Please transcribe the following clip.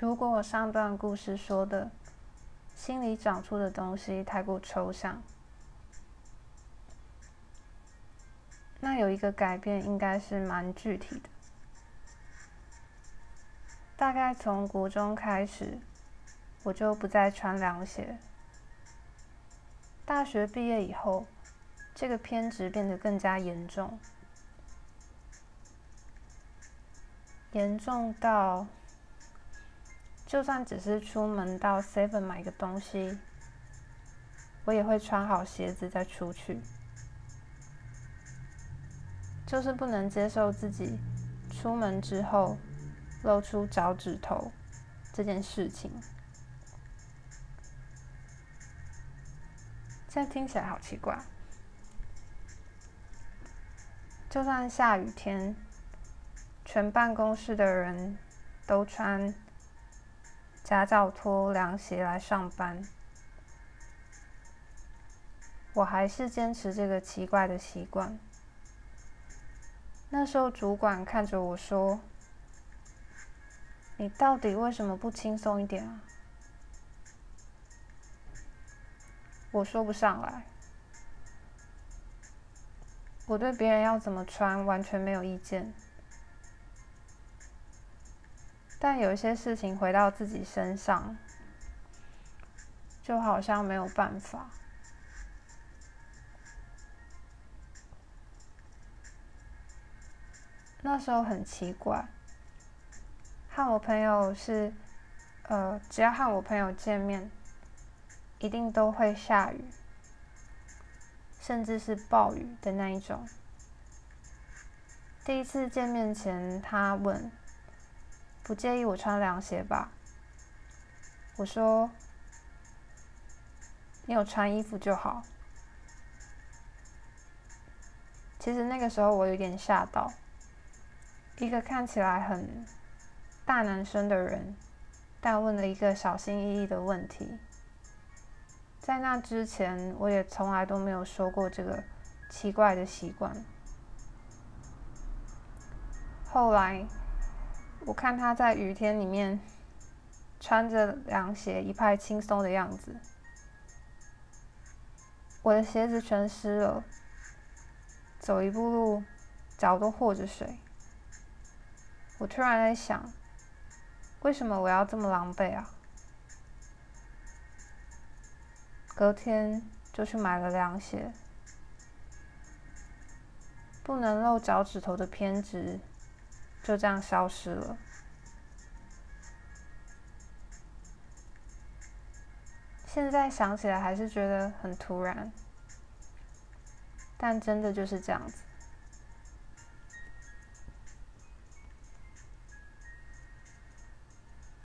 如果我上段故事說的心裡長出的東西太過抽象，那有一個改變應該是蠻具體的。大概從國中開始，我就不再穿涼鞋。大學畢業以後，這個偏執變得更加嚴重，嚴重到……就算只是出門到 Seven 買個東西，我也會穿好鞋子再出去。就是不能接受自己出門之後露出腳趾頭這件事情。現在聽起來好奇怪。就算下雨天，全辦公室的人都穿。夾腳拖涼鞋來上班，我還是堅持這個奇怪的習慣。那時候主管看着我說：“你到底為什麼不輕鬆一點啊？”我說不上來，我對別人要怎麼穿完全沒有意見。但有些事情回到自己身上，就好像沒有辦法。那時候很奇怪，和我朋友是，呃，只要和我朋友見面，一定都會下雨，甚至是暴雨的那一種。第一次見面前，他問。不介意我穿涼鞋吧？我說：“你有穿衣服就好。”其實那個時候我有點嚇到，一個看起來很大男生的人，但問了一個小心翼翼的問題。在那之前，我也從來都沒有說過這個奇怪的習慣。後來。我看他在雨天裡面穿着涼鞋，一派輕鬆的樣子。我的鞋子全濕了，走一步路腳都和着水。我突然在想，為什麼我要這麼狼狽啊？隔天就去買了涼鞋，不能露腳趾頭的偏執。就這樣消失了。現在想起來還是覺得很突然，但真的就是這樣子。